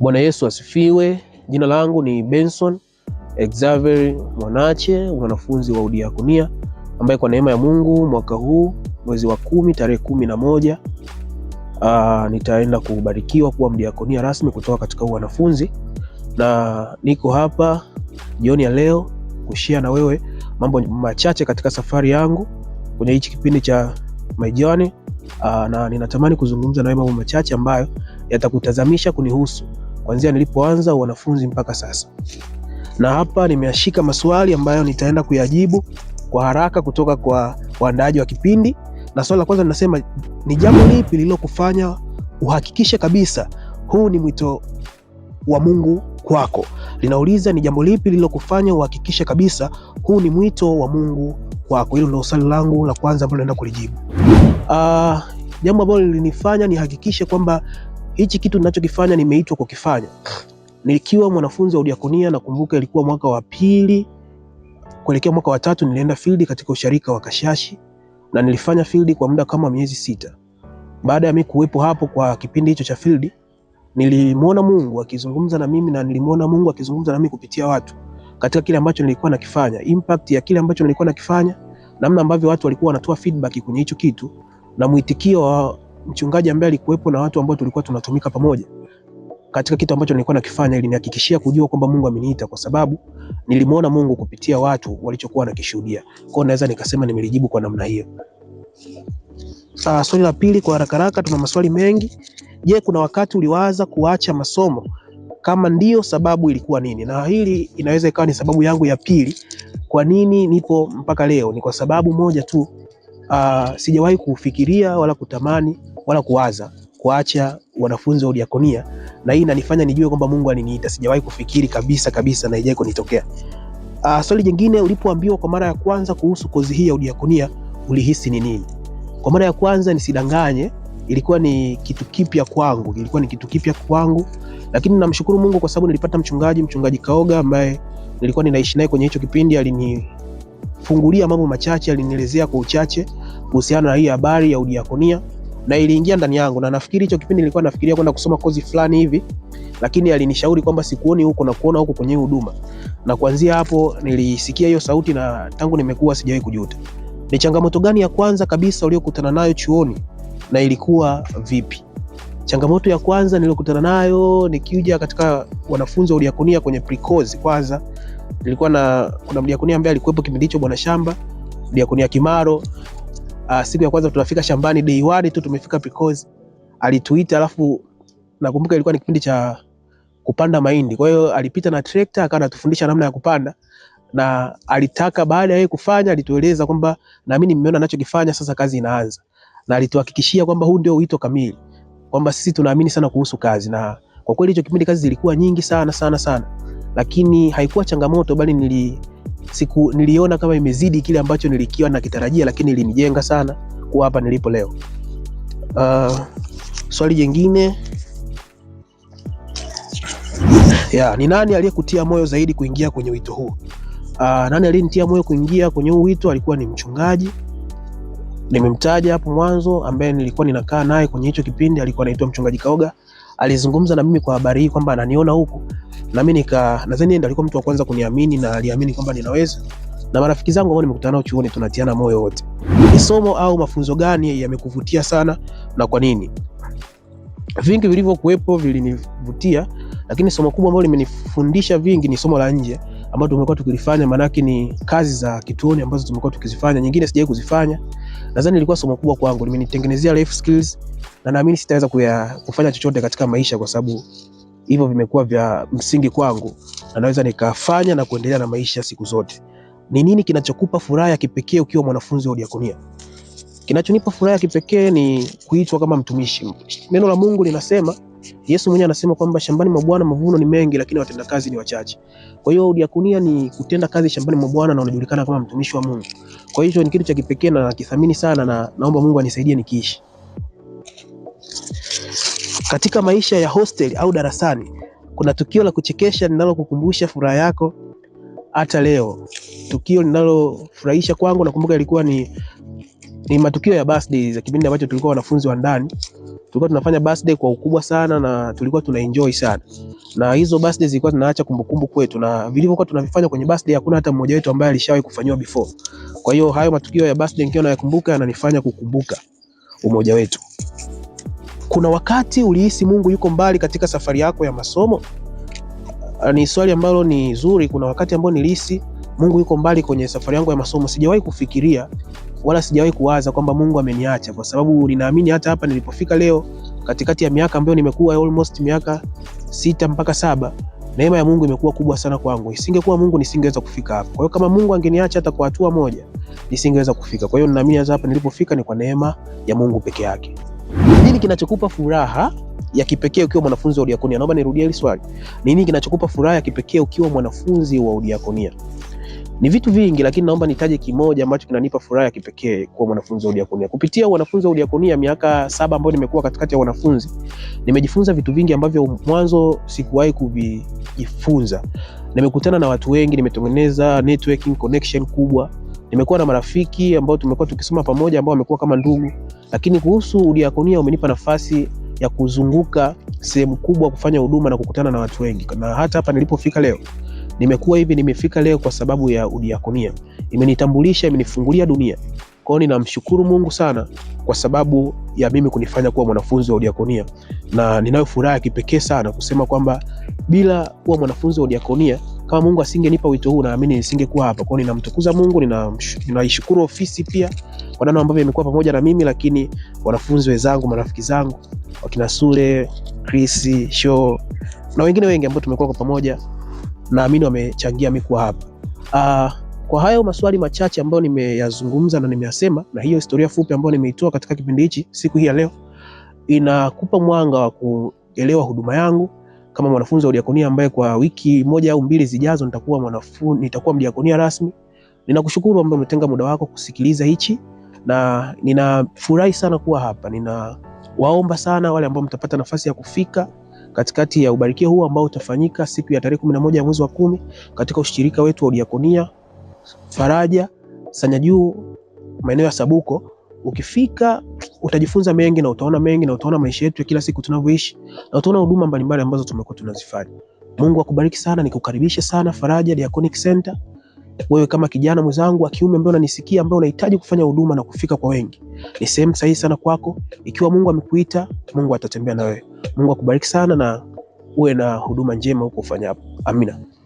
Bwana Yesu asifiwe. Jina langu ni Benson Xavier Mwanache, mwanafunzi wa udiakonia ambaye kwa neema ya Mungu mwaka huu mwezi wa kumi tarehe kumi na moja uh, nitaenda kubarikiwa kuwa mdiakonia rasmi kutoka katika wanafunzi, na niko hapa jioni ya leo kushia na wewe mambo machache katika safari yangu kwenye hichi kipindi cha majioni. Uh, na ninatamani kuzungumza na wewe mambo machache ambayo yatakutazamisha kunihusu kuanzia nilipoanza wanafunzi mpaka sasa. Na hapa nimeashika maswali ambayo nitaenda kuyajibu kwa haraka kutoka kwa waandaaji wa kipindi. Na swali la kwanza ninasema, ni jambo lipi lililokufanya uhakikishe kabisa huu ni mwito wa Mungu kwako? Linauliza, ni jambo lipi lililokufanya uhakikishe kabisa huu ni mwito wa Mungu kwako? Hilo ndio swali langu la kwanza ambalo naenda kulijibu. Uh, jambo ambalo lilinifanya nihakikishe kwamba hichi kitu ninachokifanya nimeitwa kukifanya. Nikiwa mwanafunzi wa udiakonia, nakumbuka ilikuwa mwaka wa pili kuelekea mwaka wa tatu, nilienda field katika usharika wa Kashashi na nilifanya field kwa muda kama miezi sita. Baada ya mimi kuwepo hapo kwa kipindi hicho cha field, nilimwona Mungu akizungumza na mimi na nilimwona Mungu akizungumza na mimi kupitia watu katika kile ambacho nilikuwa nakifanya, impact ya kile ambacho nilikuwa nakifanya, namna ambavyo watu walikuwa wanatoa feedback kwenye hicho kitu na mwitikio wa mchungaji ambaye alikuwepo na watu ambao tulikuwa tunatumika pamoja katika kitu ambacho nilikuwa nakifanya, ili nihakikishia kujua kwamba Mungu ameniita, kwa sababu nilimuona Mungu kupitia watu walichokuwa nakishuhudia. Kwa naweza nikasema nimelijibu kwa namna hiyo. Sasa swali la pili kwa haraka haraka, tuna maswali mengi. Je, kuna wakati uliwaza kuacha masomo? Kama ndiyo, sababu ilikuwa nini? Na hili inaweza ikawa ni sababu yangu ya pili, kwa nini nipo mpaka leo. Ni kwa sababu moja tu, uh, sijawahi kufikiria wala kutamani wala kuwaza kuacha wanafunzi wa diakonia, na hii inanifanya nijue kwamba Mungu aliniita. Sijawahi kufikiri kabisa kabisa na haijawahi kunitokea. Uh, swali jingine, ulipoambiwa kwa mara ya kwanza kuhusu kozi hii ya udiakonia ulihisi ni nini? Kwa mara ya kwanza, nisidanganye, ilikuwa ni kitu kipya kwangu, ilikuwa ni kitu kipya kwangu, lakini namshukuru Mungu kwa sababu nilipata mchungaji, mchungaji Kaoga ambaye nilikuwa ninaishi naye kwenye hicho kipindi, alini alinifungulia mambo machache, alinielezea kwa uchache kuhusiana na hii habari ya udiakonia na iliingia ndani yangu, na nafikiri hicho kipindi nilikuwa nafikiria kwenda kusoma kozi fulani hivi, lakini alinishauri kwamba sikuoni huko na kuona huko kwenye huduma, na kuanzia hapo nilisikia hiyo sauti, na tangu nimekuwa sijawahi kujuta. Ni changamoto gani ya kwanza kabisa uliyokutana nayo chuoni na ilikuwa vipi? Changamoto ya kwanza niliyokutana nayo nikija katika wanafunzi wa udiakonia kwenye pre-course, kwanza nilikuwa na kuna mdiakonia ambaye alikuwepo kipindi hicho, bwana shamba, mdiakonia Kimaro. Uh, siku ya kwanza tunafika shambani day one tu tumefika because alituita alafu nakumbuka ilikuwa ni kipindi cha kupanda mahindi. Kwa hiyo alipita na trekta akawa anatufundisha namna ya kupanda na alitaka baada ya yeye kufanya alitueleza kwamba na mimi nimeona anachokifanya sasa, kazi inaanza, na alituhakikishia kwamba huu ndio wito kamili, kwamba sisi tunaamini sana kuhusu kazi, na kwa kweli hicho kipindi kazi zilikuwa nyingi sana sana sana lakini haikuwa changamoto, bali nili siku niliona kama imezidi kile ambacho nilikiwa nakitarajia, lakini ilinijenga sana kuwa hapa nilipo leo. Uh, swali jingine ya, ni nani aliyekutia moyo zaidi kuingia kwenye wito huu? Uh, nani aliyenitia moyo kuingia kwenye huu wito? Alikuwa ni mchungaji nimemtaja hapo mwanzo, ambaye nilikuwa ninakaa naye kwenye hicho kipindi, alikuwa anaitwa mchungaji Kaoga alizungumza na mimi kwa habari hii kwamba ananiona huku, na mimi nika, nadhani ndiye alikuwa mtu wa kwanza kuniamini na aliamini kwamba ninaweza, na marafiki zangu ambao nimekutana nao chuoni tunatiana moyo wote. Ni somo au mafunzo gani yamekuvutia sana na kwa nini? Vingi vilivyokuwepo vilinivutia, lakini somo kubwa ambalo limenifundisha vingi ni somo la nje ambalo tumekuwa tukilifanya, maanake ni kazi za kituoni ambazo tumekuwa tukizifanya, nyingine sijawahi kuzifanya Nadhani ilikuwa somo kubwa kwangu, limenitengenezea life skills na naamini sitaweza kufanya chochote katika maisha kwa sababu hivyo vimekuwa vya msingi kwangu, na naweza nikafanya na kuendelea na maisha siku zote. Ni nini kinachokupa furaha ya kipekee ukiwa mwanafunzi wa diakonia? Kinachonipa furaha ya kipekee ni kuitwa kama mtumishi. Neno la Mungu linasema Yesu mwenyewe anasema kwamba shambani mwa Bwana mavuno ni mengi, lakini watendakazi ni wachache. Kwa hiyo udiakonia ni kutenda kazi shambani mwa Bwana na unajulikana kama mtumishi wa Mungu. Kwa hiyo ni kitu cha kipekee na nakithamini sana, na naomba Mungu anisaidie nikiishi katika maisha ya hostel au darasani. Kuna tukio la kuchekesha linalokukumbusha furaha yako hata leo. Tukio linalofurahisha kwangu, nakumbuka ilikuwa ni ni matukio ya birthday za kipindi ambacho tulikuwa wanafunzi wa ndani tulikuwa tunafanya birthday kwa ukubwa sana na tulikuwa tuna enjoy sana, na hizo birthday zilikuwa zinaacha kumbukumbu kwetu, na vilivyokuwa tunavifanya kwenye birthday hakuna hata mmoja wetu ambaye alishawahi kufanywa before. Kwa hiyo hayo matukio ya birthday nikiwa nayakumbuka yananifanya kukumbuka umoja wetu. Kuna wakati ulihisi Mungu yuko mbali katika safari yako ya masomo? Ah, ni swali ambalo ni zuri. Kuna wakati ambao nilihisi Mungu yuko mbali kwenye safari yangu ya masomo, sijawahi kufikiria wala sijawahi kuwaza kwamba Mungu ameniacha, kwa sababu ninaamini hata hapa nilipofika leo, katikati ya miaka ambayo nimekuwa almost miaka sita mpaka saba, neema ya Mungu imekuwa kubwa sana kwangu. Isingekuwa Mungu nisingeweza kufika hapa. Kwa hiyo kama Mungu angeniacha hata kwa hatua moja, nisingeweza kufika. Kwa hiyo ninaamini hata hapa nilipofika ni kwa neema ya Mungu peke yake. Nini kinachokupa furaha ya kipekee ukiwa mwanafunzi wa udiakonia? Naomba nirudie hili swali. Nini kinachokupa furaha ya kipekee ukiwa mwanafunzi wa udiakonia? Ni vitu vingi, lakini naomba nitaje kimoja ambacho kinanipa furaha ya kipekee kuwa mwanafunzi wa udiakonia. Kupitia wanafunzi wa udiakonia miaka saba ambayo nimekuwa katikati ya wanafunzi, nimejifunza vitu vingi ambavyo mwanzo sikuwahi kuvijifunza. Nimekutana na watu wengi, nimetengeneza networking connection kubwa nimekuwa na marafiki ambao tumekuwa tukisoma pamoja ambao wamekuwa kama ndugu. Lakini kuhusu udiakonia umenipa nafasi ya kuzunguka sehemu kubwa, kufanya huduma na kukutana na watu wengi, na hata hapa nilipofika leo nimekuwa hivi, nimefika leo kwa sababu ya udiakonia, imenitambulisha, imenifungulia dunia. Kwa hiyo ninamshukuru Mungu sana kwa sababu ya mimi kunifanya kuwa mwanafunzi wa udiakonia, na ninayo furaha ya kipekee sana kusema kwamba bila kuwa mwanafunzi wa udiakonia kama Mungu asingenipa wito huu, naamini nisingekuwa hapa. Kwa hiyo ninamtukuza Mungu, ninaishukuru ofisi pia kwa namna ambavyo imekuwa pamoja na mimi, lakini wanafunzi wenzangu, marafiki zangu, wakina Sule, Chris, Show na wengine wengi ambao tumekuwa kwa pamoja naamini wamechangia mi kuwa hapa. Uh, kwa hayo maswali machache ambayo nimeyazungumza na nimeyasema, na hiyo historia fupi ambayo nimeitoa katika kipindi hichi siku hii ya leo, inakupa mwanga wa kuelewa huduma yangu kama mwanafunzi wa udiakonia ambaye kwa wiki moja au mbili zijazo nitakuwa mwanafunzi, nitakuwa mdiakonia rasmi. Ninakushukuru ambaye umetenga muda wako kusikiliza hichi, na ninafurahi sana kuwa hapa. Ninawaomba sana wale ambao mtapata nafasi ya kufika katikati ya ubarikio huu ambao utafanyika siku ya tarehe 11 ya mwezi wa kumi katika ushirika wetu wa Udiakonia Faraja Sanyajuu maeneo ya Sabuko. Ukifika utajifunza mengi na utaona mengi na utaona maisha yetu ya kila siku tunavyoishi na utaona huduma mbalimbali ambazo tumekuwa tunazifanya. Mungu akubariki sana, nikukaribisha sana Faraja Diaconic Center wewe kama kijana mwenzangu wa kiume ambaye unanisikia, ambaye unahitaji kufanya huduma na kufika kwa wengi, ni sehemu sahihi sana kwako. Ikiwa Mungu amekuita, Mungu atatembea na wewe. Mungu akubariki sana na uwe na huduma njema huko ufanyapo. Amina.